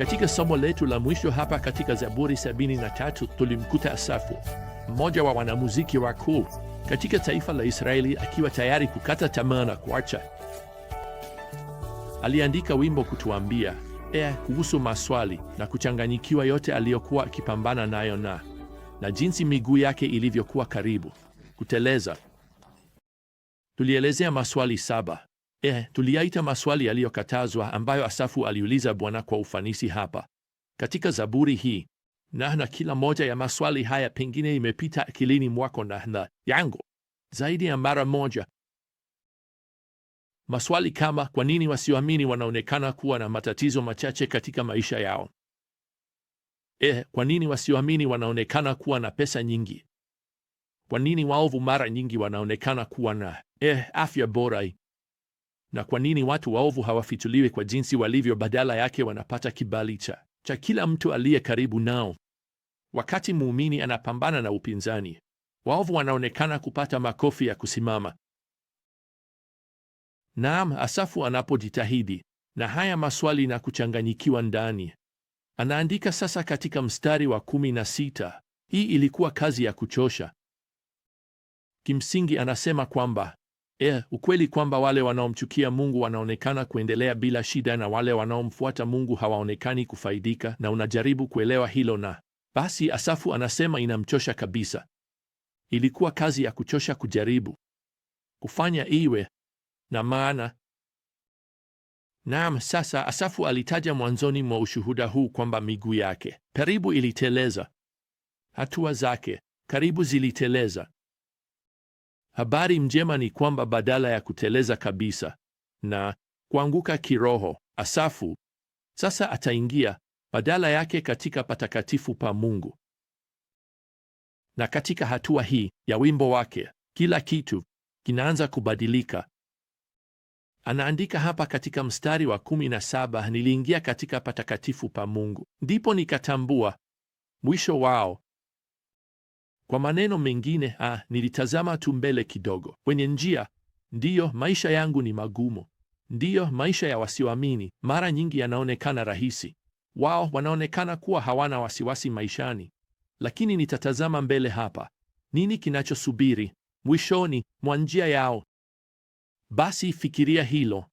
Katika somo letu la mwisho hapa katika Zaburi 73 tulimkuta Asafu, mmoja wa wanamuziki wakuu katika taifa la Israeli, akiwa tayari kukata tamaa na kuacha. Aliandika wimbo kutuambia ea ee, kuhusu maswali na kuchanganyikiwa yote aliyokuwa akipambana nayo na na jinsi miguu yake ilivyokuwa karibu kuteleza. Tulielezea maswali saba Eh, tuliyaita maswali yaliyokatazwa ambayo Asafu aliuliza Bwana kwa ufanisi hapa katika Zaburi hii, na na kila moja ya maswali haya pengine imepita akilini mwako na na yangu zaidi ya mara moja. Maswali kama kwa nini wasioamini wanaonekana kuwa na matatizo machache katika maisha yao? Eh, kwa nini wasioamini wanaonekana kuwa na pesa nyingi? Kwa nini waovu mara nyingi wanaonekana kuwa na eh, afya bora? na kwa nini watu waovu hawafichuliwi kwa jinsi walivyo, badala yake wanapata kibali cha cha kila mtu aliye karibu nao. Wakati muumini anapambana na upinzani, waovu wanaonekana kupata makofi ya kusimama. Naam, Asafu anapojitahidi na haya maswali na kuchanganyikiwa ndani, anaandika sasa katika mstari wa kumi na sita, hii ilikuwa kazi ya kuchosha. Kimsingi anasema kwamba E, ukweli kwamba wale wanaomchukia Mungu wanaonekana kuendelea bila shida na wale wanaomfuata Mungu hawaonekani kufaidika, na unajaribu kuelewa hilo, na basi Asafu anasema inamchosha kabisa. Ilikuwa kazi ya kuchosha kujaribu kufanya iwe na maana. Naam, sasa Asafu alitaja mwanzoni mwa ushuhuda huu kwamba miguu yake karibu iliteleza, hatua zake karibu ziliteleza. Habari njema ni kwamba badala ya kuteleza kabisa na kuanguka kiroho, Asafu sasa ataingia badala yake katika patakatifu pa Mungu. Na katika hatua hii ya wimbo wake, kila kitu kinaanza kubadilika. Anaandika hapa katika mstari wa 17, niliingia katika patakatifu pa Mungu, ndipo nikatambua mwisho wao kwa maneno mengine, ah, nilitazama tu mbele kidogo kwenye njia. Ndiyo, maisha yangu ni magumu. Ndiyo, maisha ya wasioamini mara nyingi yanaonekana rahisi. Wao wanaonekana kuwa hawana wasiwasi maishani, lakini nitatazama mbele hapa. Nini kinachosubiri mwishoni mwa njia yao? Basi fikiria hilo.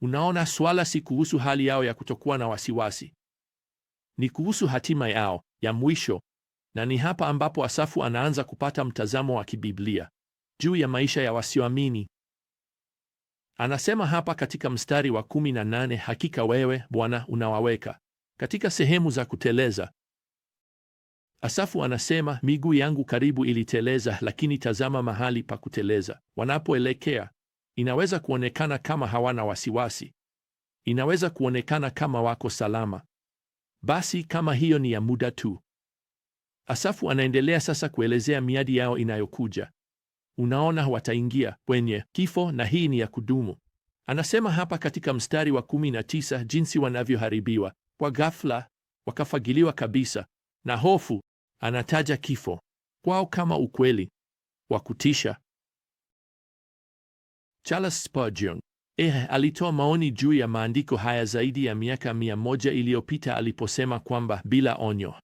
Unaona, swala si kuhusu hali yao ya kutokuwa na wasiwasi, ni kuhusu hatima yao ya mwisho. Na ni hapa ambapo Asafu anaanza kupata mtazamo wa kibiblia juu ya maisha ya wasioamini. Anasema hapa katika mstari wa kumi na nane, hakika wewe Bwana unawaweka katika sehemu za kuteleza. Asafu anasema miguu yangu karibu iliteleza, lakini tazama mahali pa kuteleza wanapoelekea. Inaweza kuonekana kama hawana wasiwasi, inaweza kuonekana kama wako salama. Basi kama hiyo ni ya muda tu, Asafu anaendelea sasa kuelezea miadi yao inayokuja. Unaona, wataingia kwenye kifo na hii ni ya kudumu. Anasema hapa katika mstari wa 19 jinsi wanavyoharibiwa kwa ghafla, wakafagiliwa kabisa na hofu. Anataja kifo kwao kama ukweli wa kutisha. Charles Spurgeon eh, alitoa maoni juu ya maandiko haya zaidi ya miaka mia moja iliyopita aliposema kwamba bila onyo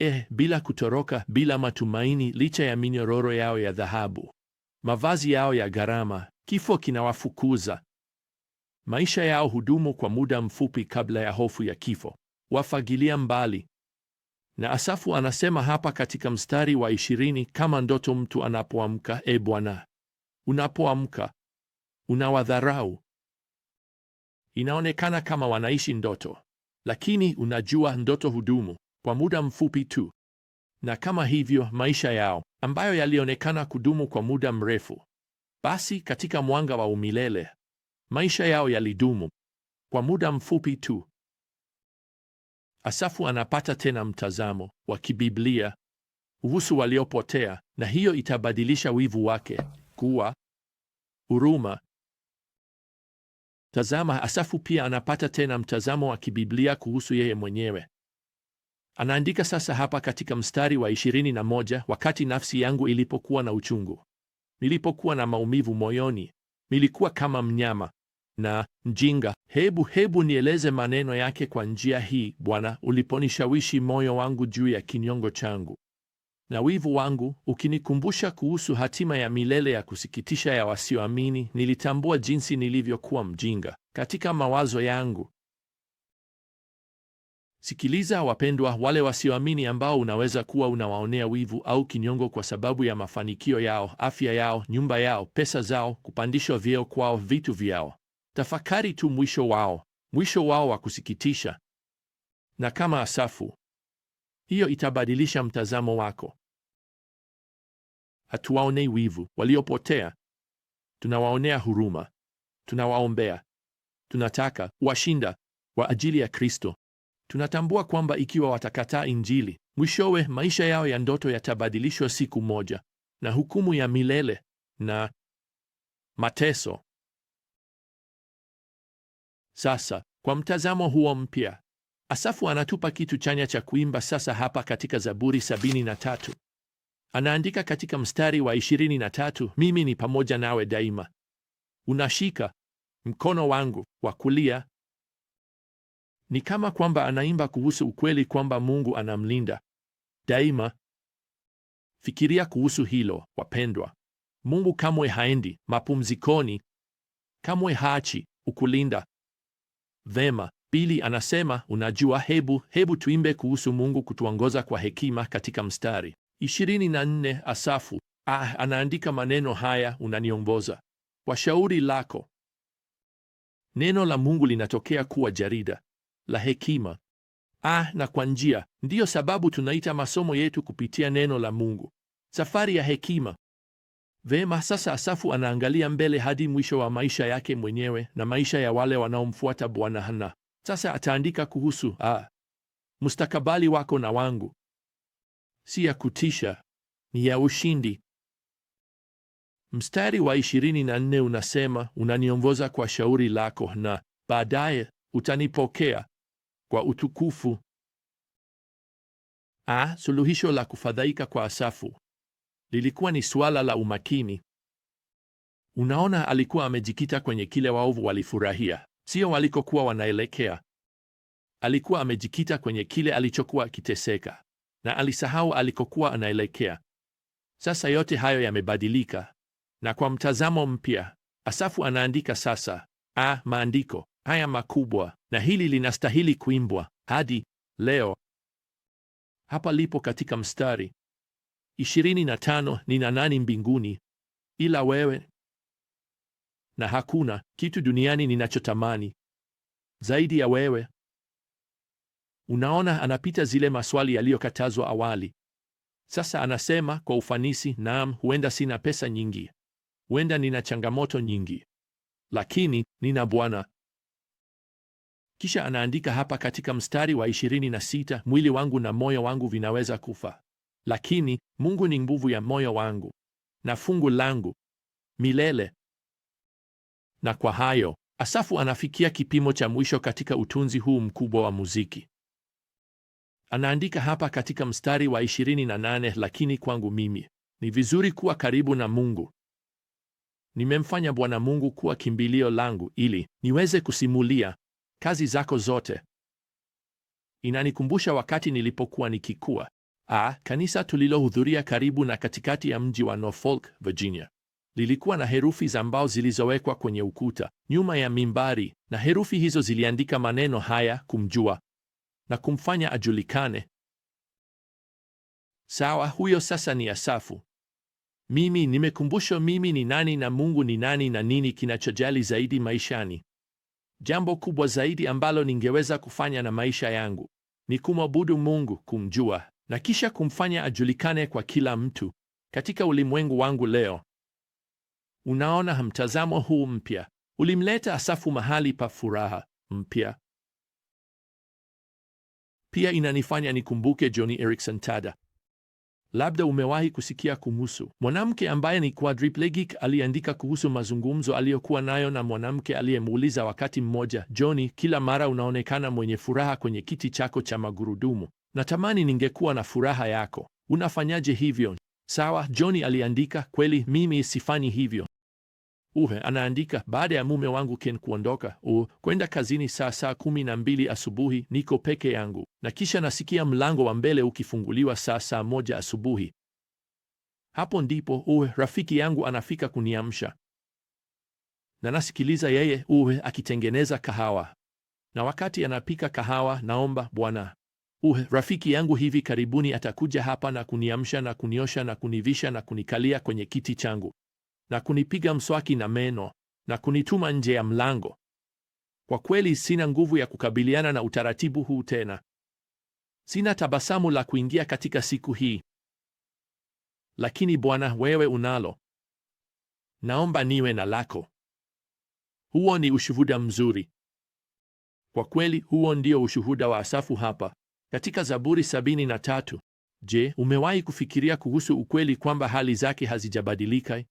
eh, bila kutoroka, bila matumaini, licha ya minyororo yao ya dhahabu, mavazi yao ya gharama. Kifo kinawafukuza. Maisha yao hudumu kwa muda mfupi kabla ya hofu ya kifo, wafagilia mbali. Na Asafu anasema hapa katika mstari wa ishirini, kama ndoto mtu anapoamka, e Bwana, unapoamka unawadharau. Inaonekana kama wanaishi ndoto, lakini unajua, ndoto hudumu kwa muda mfupi tu, na kama hivyo maisha yao ambayo yalionekana kudumu kwa muda mrefu, basi katika mwanga wa umilele maisha yao yalidumu kwa muda mfupi tu. Asafu anapata tena mtazamo wa kibiblia kuhusu waliopotea, na hiyo itabadilisha wivu wake kuwa huruma. Tazama, Asafu pia anapata tena mtazamo wa kibiblia kuhusu yeye mwenyewe Anaandika sasa hapa katika mstari wa 21, wakati nafsi yangu ilipokuwa na uchungu, nilipokuwa na maumivu moyoni, nilikuwa kama mnyama na mjinga. Hebu hebu nieleze maneno yake kwa njia hii: Bwana, uliponishawishi moyo wangu juu ya kinyongo changu na wivu wangu, ukinikumbusha kuhusu hatima ya milele ya kusikitisha ya wasioamini, nilitambua jinsi nilivyokuwa mjinga katika mawazo yangu. Sikiliza wapendwa, wale wasioamini ambao unaweza kuwa unawaonea wivu au kinyongo kwa sababu ya mafanikio yao, afya yao, nyumba yao, pesa zao, kupandishwa vyeo kwao, vitu vyao. Tafakari tu mwisho wao, mwisho wao wa kusikitisha. Na kama Asafu, hiyo itabadilisha mtazamo wako. Hatuwaonei wivu waliopotea, tunawaonea huruma, tunawaombea, tunataka washinda kwa ajili ya Kristo. Tunatambua kwamba ikiwa watakataa Injili, mwishowe maisha yao ya ndoto yatabadilishwa siku moja na hukumu ya milele na mateso. Sasa kwa mtazamo huo mpya, Asafu anatupa kitu chanya cha kuimba sasa hapa katika Zaburi 73. Anaandika katika mstari wa 23, mimi ni pamoja nawe daima, unashika mkono wangu wa kulia. Ni kama kwamba anaimba kuhusu ukweli kwamba Mungu anamlinda daima. Fikiria kuhusu hilo wapendwa. Mungu kamwe haendi mapumzikoni, kamwe haachi ukulinda. Vema, Bili anasema unajua, hebu hebu tuimbe kuhusu Mungu kutuongoza kwa hekima katika mstari 24. Asafu ah, anaandika maneno haya, unaniongoza kwa shauri lako. Neno la Mungu linatokea kuwa jarida la hekima. Ah, na kwa njia, ndiyo sababu tunaita masomo yetu kupitia neno la Mungu safari ya hekima. Vema, sasa Asafu anaangalia mbele hadi mwisho wa maisha yake mwenyewe na maisha ya wale wanaomfuata Bwana, hana sasa ataandika kuhusu ah, mustakabali wako na wangu. Si ya kutisha, ni ya ushindi. Mstari wa 24 unasema, unaniongoza kwa shauri lako na baadaye utanipokea kwa utukufu. A, suluhisho la kufadhaika kwa Asafu lilikuwa ni suala la umakini. Unaona, alikuwa amejikita kwenye kile waovu walifurahia, sio walikokuwa wanaelekea. Alikuwa amejikita kwenye kile alichokuwa akiteseka na alisahau alikokuwa anaelekea. Sasa yote hayo yamebadilika, na kwa mtazamo mpya Asafu anaandika sasa a maandiko haya makubwa, na hili linastahili kuimbwa hadi leo. Hapa lipo katika mstari 25: nina nani mbinguni ila wewe, na hakuna kitu duniani ninachotamani zaidi ya wewe. Unaona, anapita zile maswali yaliyokatazwa awali. Sasa anasema kwa ufanisi, naam, huenda sina pesa nyingi, huenda nina changamoto nyingi, lakini nina Bwana kisha anaandika hapa katika mstari wa 26, mwili wangu na moyo wangu vinaweza kufa, lakini Mungu ni nguvu ya moyo wangu na fungu langu milele. Na kwa hayo Asafu anafikia kipimo cha mwisho katika utunzi huu mkubwa wa muziki. Anaandika hapa katika mstari wa 28, lakini kwangu mimi ni vizuri kuwa karibu na Mungu. Nimemfanya Bwana Mungu kuwa kimbilio langu ili niweze kusimulia kazi zako zote. Inanikumbusha wakati nilipokuwa nikikua a kanisa tulilohudhuria karibu na katikati ya mji wa Norfolk, Virginia lilikuwa na herufi za mbao zilizowekwa kwenye ukuta nyuma ya mimbari, na herufi hizo ziliandika maneno haya: kumjua na kumfanya ajulikane. Sawa, huyo sasa ni Asafu. Mimi nimekumbushwa mimi ni nani na Mungu ni nani na nini kinachojali zaidi maishani. Jambo kubwa zaidi ambalo ningeweza kufanya na maisha yangu ni kumwabudu Mungu, kumjua na kisha kumfanya ajulikane kwa kila mtu katika ulimwengu wangu leo. Unaona, mtazamo huu mpya ulimleta Asafu mahali pa furaha mpya. Pia inanifanya nikumbuke Johnny Erickson Tada Labda umewahi kusikia kumusu mwanamke ambaye ni quadriplegic aliandika kuhusu mazungumzo aliyokuwa nayo na mwanamke aliyemuuliza wakati mmoja, Johnny, kila mara unaonekana mwenye furaha kwenye kiti chako cha magurudumu, natamani ningekuwa na furaha yako. Unafanyaje hivyo? Sawa, Johnny aliandika, kweli mimi sifanyi hivyo uhe anaandika, baada ya mume wangu Ken kuondoka u kwenda kazini saa saa kumi na mbili asubuhi, niko peke yangu, na kisha nasikia mlango wa mbele ukifunguliwa saa saa moja asubuhi. Hapo ndipo uhe rafiki yangu anafika kuniamsha, na nasikiliza yeye uhe akitengeneza kahawa, na wakati anapika kahawa naomba, Bwana uwe rafiki yangu hivi karibuni atakuja hapa na kuniamsha na kuniosha na kunivisha na kunikalia kwenye kiti changu na kunipiga mswaki na meno na kunituma nje ya mlango. Kwa kweli sina nguvu ya kukabiliana na utaratibu huu tena. Sina tabasamu la kuingia katika siku hii. Lakini Bwana, wewe unalo. Naomba niwe na lako. Huo ni ushuhuda mzuri. Kwa kweli huo ndio ushuhuda wa Asafu hapa katika Zaburi 73. Je, umewahi kufikiria kuhusu ukweli kwamba hali zake hazijabadilika?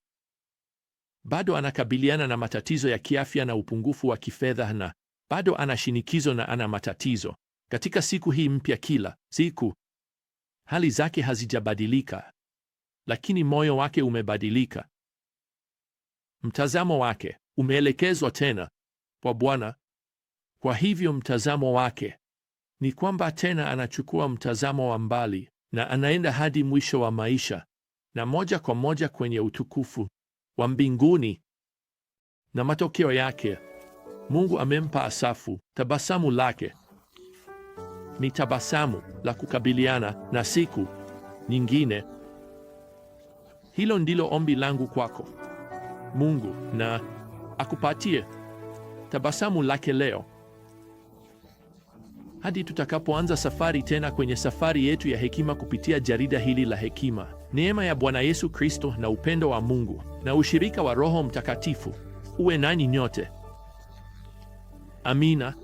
bado anakabiliana na matatizo ya kiafya na upungufu wa kifedha, na bado ana shinikizo na ana matatizo katika siku hii mpya kila siku. Hali zake hazijabadilika, lakini moyo wake umebadilika. Mtazamo wake umeelekezwa tena kwa Bwana. Kwa hivyo mtazamo wake ni kwamba tena anachukua mtazamo wa mbali na anaenda hadi mwisho wa maisha na moja kwa moja kwenye utukufu wa mbinguni na matokeo yake. Mungu amempa Asafu tabasamu lake, ni tabasamu la kukabiliana na siku nyingine. Hilo ndilo ombi langu kwako Mungu, na akupatie tabasamu lake leo, hadi tutakapoanza safari tena kwenye safari yetu ya hekima kupitia jarida hili la hekima. Neema ya Bwana Yesu Kristo na upendo wa Mungu na ushirika wa Roho Mtakatifu uwe nanyi nyote. Amina.